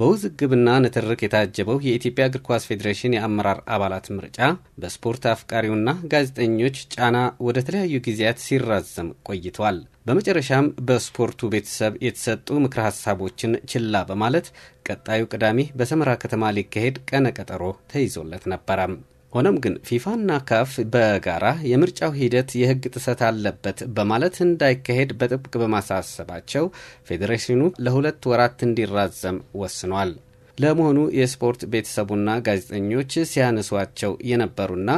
በውዝግብና ንትርክ የታጀበው የኢትዮጵያ እግር ኳስ ፌዴሬሽን የአመራር አባላት ምርጫ በስፖርት አፍቃሪውና ጋዜጠኞች ጫና ወደ ተለያዩ ጊዜያት ሲራዘም ቆይቷል። በመጨረሻም በስፖርቱ ቤተሰብ የተሰጡ ምክረ ሀሳቦችን ችላ በማለት ቀጣዩ ቅዳሜ በሰመራ ከተማ ሊካሄድ ቀነ ቀጠሮ ተይዞለት ነበረም። ሆነም ግን ፊፋና ካፍ በጋራ የምርጫው ሂደት የህግ ጥሰት አለበት በማለት እንዳይካሄድ በጥብቅ በማሳሰባቸው ፌዴሬሽኑ ለሁለት ወራት እንዲራዘም ወስኗል። ለመሆኑ የስፖርት ቤተሰቡና ጋዜጠኞች ሲያነሷቸው የነበሩና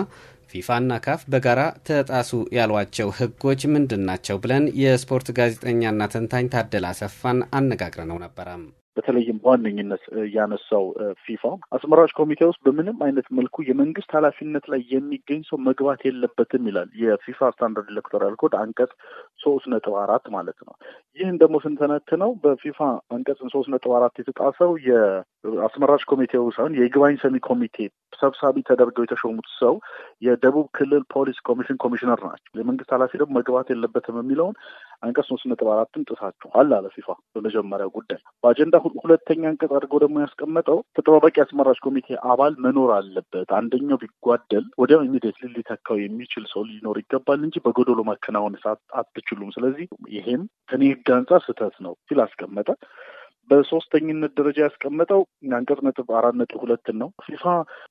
ፊፋና ካፍ በጋራ ተጣሱ ያሏቸው ህጎች ምንድን ናቸው ብለን የስፖርት ጋዜጠኛና ተንታኝ ታደላ ሰፋን አነጋግረነው ነበረም። በተለይም በዋነኝነት ያነሳው ፊፋ አስመራጭ ኮሚቴ ውስጥ በምንም አይነት መልኩ የመንግስት ኃላፊነት ላይ የሚገኝ ሰው መግባት የለበትም ይላል የፊፋ ስታንዳርድ ኤሌክቶራል ኮድ አንቀጽ ሶስት ነጥብ አራት ማለት ነው። ይህን ደግሞ ስንተነትነው በፊፋ አንቀጽ ሶስት ነጥብ አራት የተጣሰው የአስመራጭ ኮሚቴው ሳይሆን የይግባኝ ሰሚ ኮሚቴ ሰብሳቢ ተደርገው የተሾሙት ሰው የደቡብ ክልል ፖሊስ ኮሚሽን ኮሚሽነር ናቸው። የመንግስት ኃላፊ ደግሞ መግባት የለበትም የሚለውን አንቀጽ ሶስት ነጥብ አራትን ጥሳችኋል አለ ፊፋ በመጀመሪያው ጉዳይ። በአጀንዳ ሁለተኛ አንቀጽ አድርገው ደግሞ ያስቀመጠው ተጠባባቂ አስመራጭ ኮሚቴ አባል መኖር አለበት። አንደኛው ቢጓደል ወዲያው ኢሚዲየትሊ ሊተካው የሚችል ሰው ሊኖር ይገባል እንጂ በጎዶሎ ማከናወን አትችሉም። ስለዚህ ይሄም ከኔ ህግ አንጻር ስህተት ነው ሲል አስቀመጠ። በሶስተኝነት ደረጃ ያስቀመጠው አንቀጽ ነጥብ አራት ነጥብ ሁለትን ነው። ፊፋ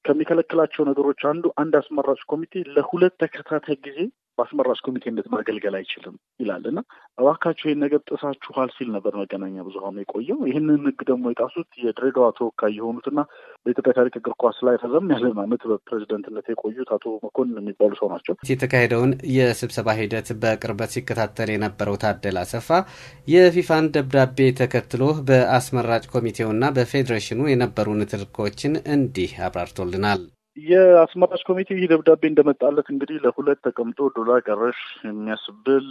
ከሚከለክላቸው ነገሮች አንዱ አንድ አስመራጭ ኮሚቴ ለሁለት ተከታታይ ጊዜ በአስመራጭ ኮሚቴነት ማገልገል አይችልም ይላል እና እባካችሁ ይህን ነገር ጥሳችኋል ሲል ነበር መገናኛ ብዙሀኑ የቆየው። ይህንን ሕግ ደግሞ የጣሱት የድሬዳዋ ተወካይ የሆኑትና በኢትዮጵያ ታሪክ እግር ኳስ ላይ ረዘም ያለ ዓመት በፕሬዚደንትነት የቆዩት አቶ መኮንን የሚባሉ ሰው ናቸው። የተካሄደውን የስብሰባ ሂደት በቅርበት ሲከታተል የነበረው ታደል አሰፋ የፊፋን ደብዳቤ ተከትሎ በአስመራጭ ኮሚቴውና በፌዴሬሽኑ የነበሩ ንትርኮችን እንዲህ አብራርቶልናል። የአስመራጭ ኮሚቴ ይህ ደብዳቤ እንደመጣለት እንግዲህ ለሁለት ተቀምጦ ዶላ ቀረሽ የሚያስብል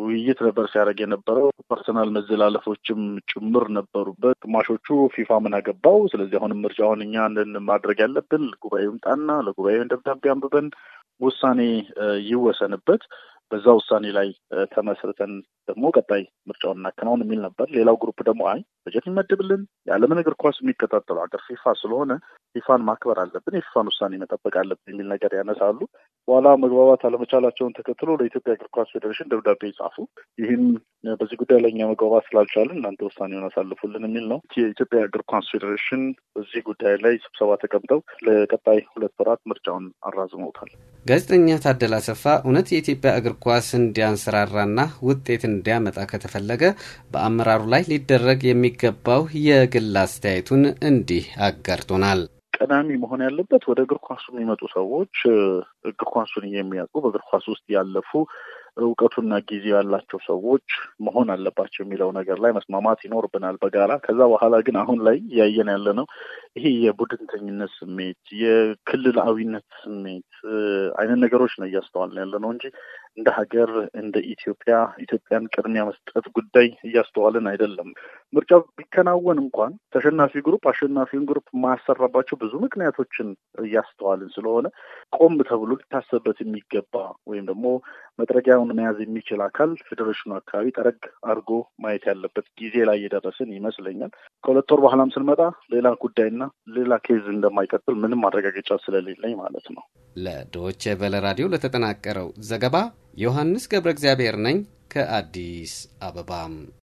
ውይይት ነበር ሲያደርግ የነበረው። ፐርሰናል መዘላለፎችም ጭምር ነበሩበት። ግማሾቹ ፊፋ ምን አገባው፣ ስለዚህ አሁንም ምርጫውን እኛ ማድረግ ያለብን ጉባኤው ይምጣና ለጉባኤውን ደብዳቤ አንብበን ውሳኔ ይወሰንበት፣ በዛ ውሳኔ ላይ ተመስርተን ደግሞ ቀጣይ ምርጫውን እናከናውን የሚል ነበር። ሌላው ግሩፕ ደግሞ አይ በጀት ይመድብልን። የዓለምን እግር ኳስ የሚከታተሉ ሀገር ፊፋ ስለሆነ ፊፋን ማክበር አለብን፣ የፊፋን ውሳኔ መጠበቅ አለብን የሚል ነገር ያነሳሉ። በኋላ መግባባት አለመቻላቸውን ተከትሎ ለኢትዮጵያ እግር ኳስ ፌዴሬሽን ደብዳቤ ጻፉ። ይህም በዚህ ጉዳይ ላይ እኛ መግባባት ስላልቻልን እናንተ ውሳኔውን አሳልፉልን የሚል ነው። የኢትዮጵያ እግር ኳስ ፌዴሬሽን በዚህ ጉዳይ ላይ ስብሰባ ተቀምጠው ለቀጣይ ሁለት ወራት ምርጫውን አራዝመውታል። ጋዜጠኛ ታደላ አሰፋ እውነት የኢትዮጵያ እግር ኳስ እንዲያንሰራራና ውጤት እንዲያመጣ ከተፈለገ በአመራሩ ላይ ሊደረግ የሚገባው የግል አስተያየቱን እንዲህ አጋርቶናል። ቀዳሚ መሆን ያለበት ወደ እግር ኳሱ የሚመጡ ሰዎች እግር ኳሱን የሚያውቁ በእግር ኳስ ውስጥ ያለፉ እውቀቱና ጊዜ ያላቸው ሰዎች መሆን አለባቸው የሚለው ነገር ላይ መስማማት ይኖርብናል በጋራ። ከዛ በኋላ ግን አሁን ላይ እያየን ያለ ነው ይሄ የቡድንተኝነት ስሜት፣ የክልላዊነት ስሜት አይነት ነገሮች ነው ነው ያለ ነው እንጂ እንደ ሀገር እንደ ኢትዮጵያ ኢትዮጵያን ቅድሚያ መስጠት ጉዳይ እያስተዋልን አይደለም። ምርጫው ቢከናወን እንኳን ተሸናፊ ግሩፕ አሸናፊውን ግሩፕ ማያሰራባቸው ብዙ ምክንያቶችን እያስተዋልን ስለሆነ ቆም ተብሎ ሊታሰብበት የሚገባ ወይም ደግሞ መጥረጊያውን መያዝ የሚችል አካል ፌዴሬሽኑ አካባቢ ጠረግ አድርጎ ማየት ያለበት ጊዜ ላይ የደረስን ይመስለኛል። ከሁለት ወር በኋላም ስንመጣ ሌላ ጉዳይና ሌላ ኬዝ እንደማይቀጥል ምንም ማረጋገጫ ስለሌለኝ ማለት ነው። ለዶቼ ቬለ ራዲዮ ለተጠናቀረው ዘገባ ዮሐንስ ገብረ እግዚአብሔር ነኝ ከአዲስ አበባም